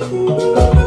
Música